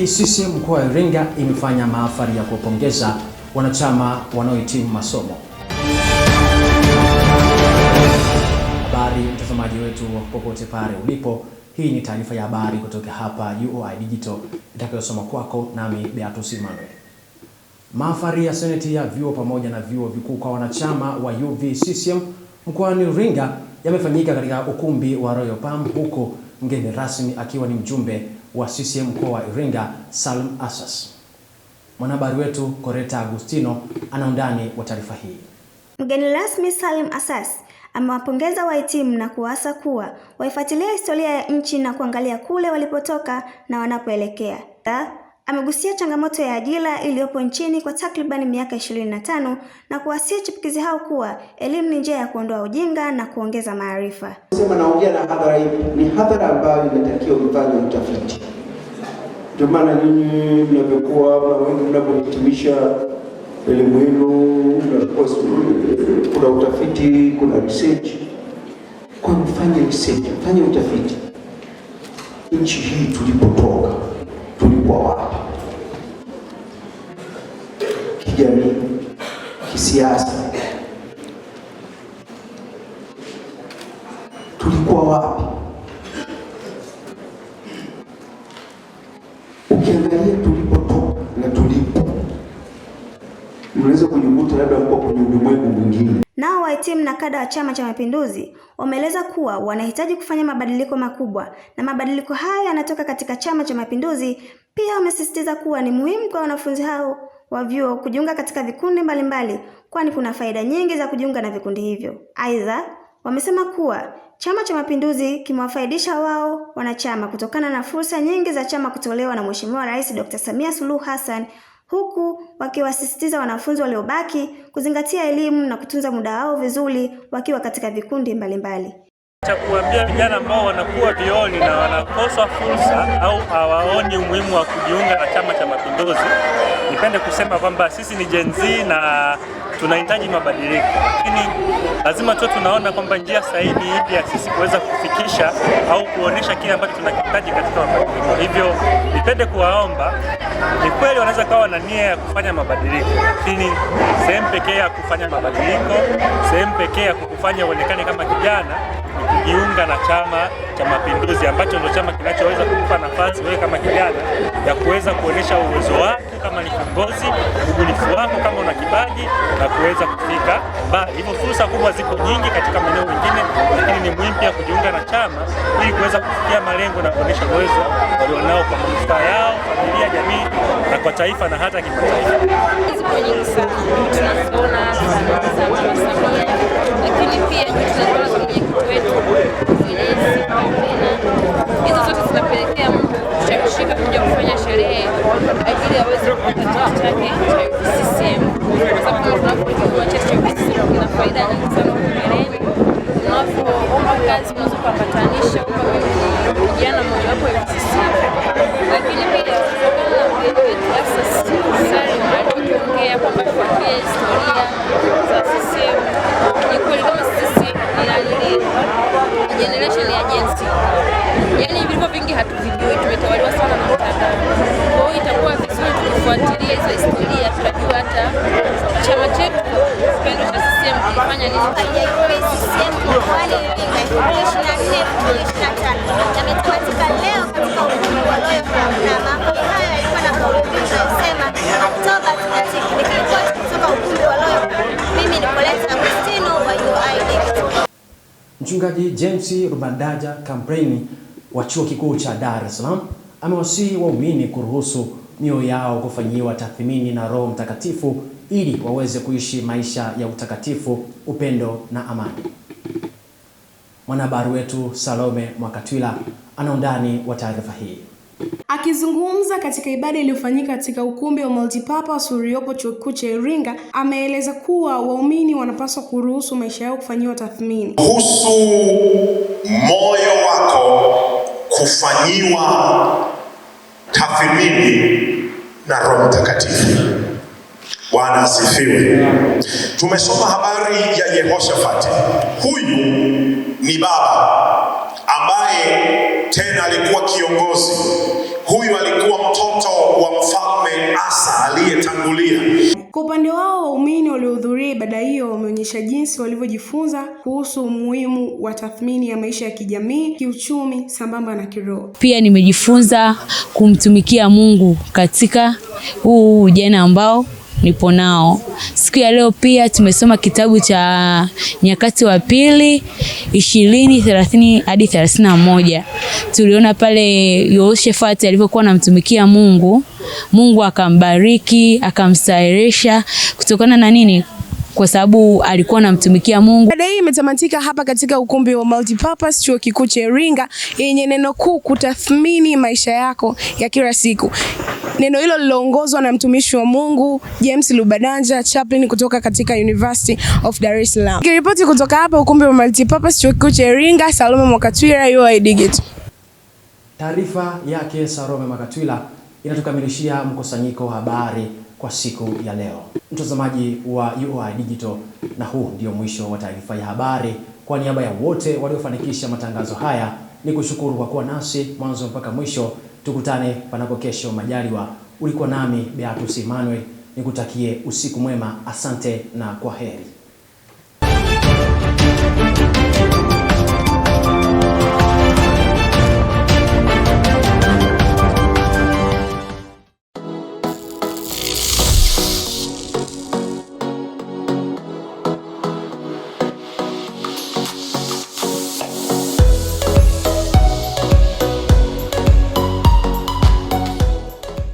PCC mkoa wa Iringa imefanya mahafali ya kuwapongeza wanachama wanaohitimu masomo. Habari mtazamaji wetu popote pale ulipo, hii ni taarifa ya habari kutoka hapa UoI Digital itakayosoma kwako nami Beatus Emmanuel. Mahafali ya seneti ya vyuo pamoja na vyuo vikuu kwa wanachama wa UVCCM mkoani Iringa yamefanyika katika ukumbi wa Royal Palm, huko mgeni rasmi akiwa ni mjumbe wa CCM mkoa wa Iringa Salum Asas. Mwanahabari wetu Koreta Agustino ana undani wa taarifa hii. Mgeni rasmi salim Asas amewapongeza wahitimu na kuwaasa kuwa waifuatilia historia ya nchi na kuangalia kule walipotoka na wanapoelekea. Amegusia changamoto ya ajira iliyopo nchini kwa takribani miaka 25 na kuwasia chipukizi hao kuwa elimu ni njia ya kuondoa ujinga na kuongeza maarifa. Sema naongea na hadhara hii, ni hadhara ambayo inatakiwa mfanye utafiti. Ndio maana nyinyi mnavyokuwa hapa, wengi mnapohitimisha elimu yenu, kuna utafiti, kuna research. Kwa mfanye research, mfanye utafiti, nchi hii tulipotoka, tulikuwa wapi? kijamii, kisiasa. Tulikuwa wapi? Ukiangalia tulipotoka na tulipo, unaweza kujikuta labda uko kwenye ulimwengu mwingine. Nao wahitimu na kada wa Chama cha Mapinduzi wameeleza kuwa wanahitaji kufanya mabadiliko makubwa na mabadiliko hayo yanatoka katika Chama cha Mapinduzi. Pia wamesisitiza kuwa ni muhimu kwa wanafunzi hao wa vyuo kujiunga katika vikundi mbalimbali, kwani kuna faida nyingi za kujiunga na vikundi hivyo. Aidha, wamesema kuwa Chama cha Mapinduzi kimewafaidisha wao wanachama kutokana na fursa nyingi za chama kutolewa na Mheshimiwa Rais Dr. Samia Suluhu Hassan, huku wakiwasisitiza wanafunzi waliobaki kuzingatia elimu na kutunza muda wao vizuri wakiwa katika vikundi mbalimbali cha kuambia vijana ambao wanakuwa vioni na wanakosa fursa au hawaoni umuhimu wa kujiunga na Chama cha Mapinduzi, nipende kusema kwamba sisi ni Gen Z na tunahitaji mabadiliko, lakini lazima tu tunaona kwamba njia sahihi ipi ya sisi kuweza kufikisha au kuonesha kile ambacho tunakihitaji katika mabadiliko. Hivyo nipende kuwaomba, ni kweli wanaweza kawa na nia ya kufanya mabadiliko, lakini sehemu pekee ya kufanya mabadiliko, sehemu pekee ya kukufanya uonekane kama kijana kujiunga na Chama cha Mapinduzi ambacho ndio chama kinachoweza kukupa nafasi wewe kama kijana ya kuweza kuonesha uwezo wako kama ni kiongozi, ubunifu wako kama una kipaji na kuweza kufika mbali. Hivyo fursa kubwa ziko nyingi katika maeneo mengine, lakini ni muhimu pia kujiunga na chama ili kuweza kufikia malengo na kuonesha uwezo walionao kwa manufaa yao, familia, jamii na kwa taifa na hata kimataifa. Mchungaji James Rubandaja Kampreni wa Chuo Kikuu cha Dar es Salaam amewasihi waumini kuruhusu mioyo yao kufanyiwa tathmini na Roho Mtakatifu ili waweze kuishi maisha ya utakatifu, upendo na amani. Mwanahabari wetu Salome Mwakatwila ana undani wa taarifa hii. Akizungumza katika ibada iliyofanyika katika ukumbi wa multipurpose uliopo Chuo Kikuu cha Iringa, ameeleza kuwa waumini wanapaswa kuruhusu maisha yao kufanyiwa tathmini. Ruhusu moyo wako kufanyiwa tathmini na Roho Mtakatifu. Bwana asifiwe. Tumesoma habari ya Yehoshafati. Huyu ni baba ambaye tena alikuwa kiongozi. Huyu alikuwa mtoto wa mfalme Asa aliyetangulia. Kwa upande wao, waumini waliohudhuria ibada hiyo wameonyesha jinsi walivyojifunza kuhusu umuhimu wa tathmini ya maisha ya kijamii, kiuchumi sambamba na kiroho. Pia nimejifunza kumtumikia Mungu katika huu ujana ambao nipo nao. Siku ya leo pia tumesoma kitabu cha Nyakati wa Pili ishirini thelathini hadi thelathini na moja. Tuliona pale Yehoshafati alivyokuwa anamtumikia Mungu, Mungu akambariki akamstahirisha kutokana na nini? Kwa sababu alikuwa anamtumikia Mungu. Mada hii imetamatika hapa katika ukumbi wa Multipurpose Chuo Kikuu cha Iringa yenye neno kuu kutathmini maisha yako ya kila siku. Neno hilo liloongozwa na mtumishi wa Mungu James Lubadanja, chaplain kutoka katika University of Dar es Salaam. Kiripoti kutoka hapa ukumbi wa Multipurpose Chuo Kikuu cha Iringa, Salome Mwakatwira, UoI Digital. Taarifa yake Salome mwakatwila inatukamilishia mkusanyiko wa habari kwa siku ya leo. Mtazamaji wa UoI Digital, na huu ndio mwisho wa taarifa ya habari. Kwa niaba ya wote waliofanikisha matangazo haya, ni kushukuru kwa kuwa nasi mwanzo mpaka mwisho. Tukutane panapo kesho majaliwa. Ulikuwa nami Beatus Emmanuel, nikutakie usiku mwema. Asante na kwa heri.